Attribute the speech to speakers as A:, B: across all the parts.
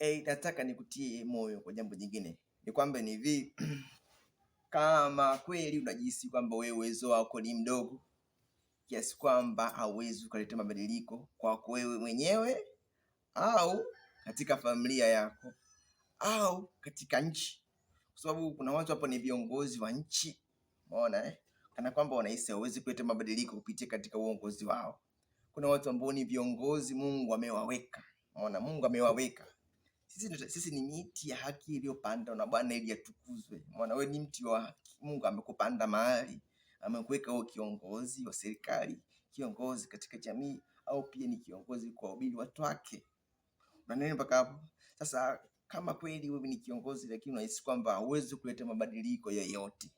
A: E, nataka nikutie moyo kwa jambo jingine, ni kwamba ni hivi kama kweli unajihisi kwamba wewe uwezo wako ni mdogo kiasi kwamba hauwezi ukaleta mabadiliko kwako wewe mwenyewe au katika familia yako au katika nchi, kwa sababu kuna watu hapo ni viongozi wa nchi, umeona eh? kana kwamba wanahisi hawezi kuleta mabadiliko kupitia katika uongozi wao. Kuna watu ambao ni viongozi Mungu amewaweka, umeona, Mungu amewaweka sisi, sisi ni miti ya haki iliyopanda na Bwana ili atukuzwe. Mwana wewe ni mti wa haki. Mungu amekupanda mahali, amekuweka wewe kiongozi wa serikali, kiongozi katika jamii, au pia ni kiongozi kwa ubili watu wake. Unanena mpaka hapo sasa. Kama kweli wewe ni kiongozi, lakini unahisi kwamba huwezi kuleta mabadiliko yoyote,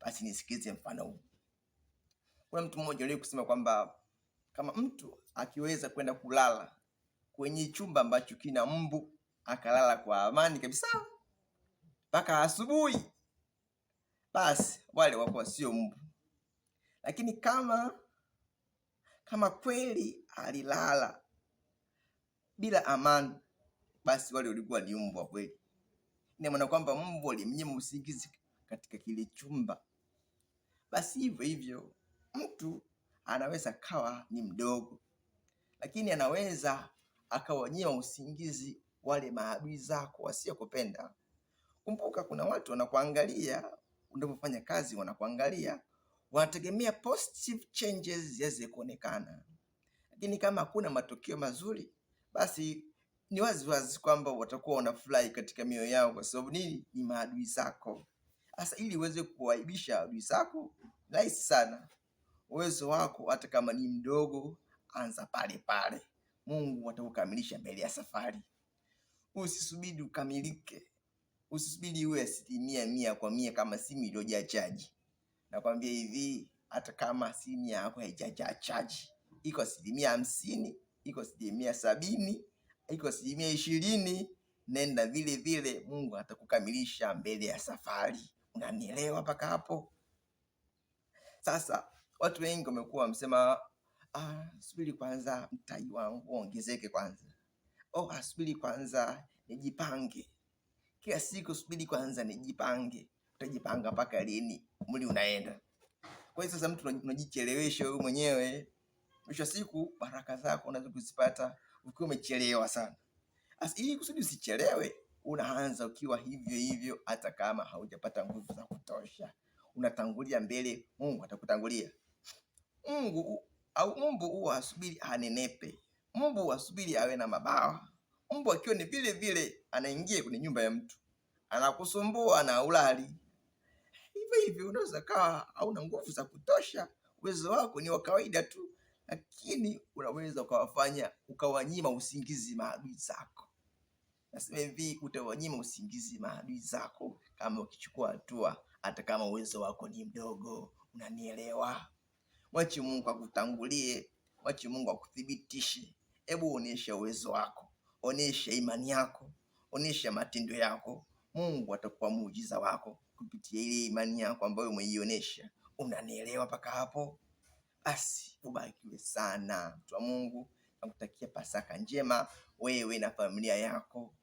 A: basi nisikize mfano huu. Kuna mtu mmoja aliye kusema kwamba kama mtu akiweza kwenda kulala kwenye chumba ambacho kina mbu akalala kwa amani kabisa mpaka asubuhi. Basi wale wakuwa sio mbu, lakini kama kama kweli alilala bila amani, basi wale walikuwa ni mbu kweli. Ina maana kwamba mbu alimnyima usingizi katika kile chumba. Basi hivyo hivyo mtu anaweza kawa ni mdogo, lakini anaweza akawanyima usingizi wale maadui zako wasiyokupenda. Kumbuka kuna watu wanakuangalia unapofanya kazi, wanakuangalia, wanategemea positive changes ziweze kuonekana, lakini kama hakuna matokeo mazuri, basi ni wazi wazi kwamba watakuwa wanafurahi katika mioyo yao. Kwa sababu nini? Ni maadui zako. Sasa ili uweze kuwaibisha adui zako, rahisi sana. Uwezo wako hata kama ni mdogo, anza pale pale. Mungu atakukamilisha mbele ya safari usisubiri ukamilike, usisubiri iwe asilimia mia kwa mia kama simu iliyojaa chaji. Nakwambia hivi, hata kama simu yako haijajaa chaji, iko asilimia hamsini, iko asilimia sabini, iko asilimia ishirini, nenda vile vile, Mungu atakukamilisha mbele ya safari. Unanielewa mpaka hapo? Sasa watu wengi wamekuwa wamesema, ah, subiri kwanza mtaji wangu ongezeke kwanza oh, asubiri kwanza nijipange. Kila siku subiri kwanza nijipange. Utajipanga mpaka lini? Mwili unaenda. Kwa hiyo sasa mtu unajichelewesha wewe mwenyewe, mwisho wa siku baraka zako unaweza kuzipata ukiwa umechelewa sana. As, ili kusudi usichelewe, unaanza ukiwa hivyo hivyo, hata kama haujapata nguvu za kutosha, unatangulia mbele. Mungu atakutangulia. Mungu au Mungu huwa asubiri anenepe mbu asubiri awe na mabawa. Mbu akiwa ni vile vile anaingia kwenye nyumba ya mtu, anakusumbua na ulali hivyo hivyo. Unaweza kawa hauna nguvu za kutosha, uwezo wako ni wa kawaida tu, lakini unaweza ukawafanya ukawanyima usingizi maadui zako. Nasema hivi, utawanyima usingizi maadui zako kama ukichukua hatua, hata kama uwezo wako ni mdogo. Unanielewa? Mwache Mungu akutangulie, mwache Mungu akuthibitishe. Hebu onyesha uwezo wako, onyesha imani yako, onyesha matendo yako. Mungu atakuwa muujiza wako kupitia ile imani yako ambayo umeionyesha. Unanielewa mpaka hapo? Basi ubarikiwe sana mtu wa Mungu, nakutakia Pasaka njema wewe na familia yako.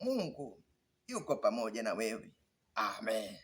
A: Mungu yuko pamoja na wewe. Amen.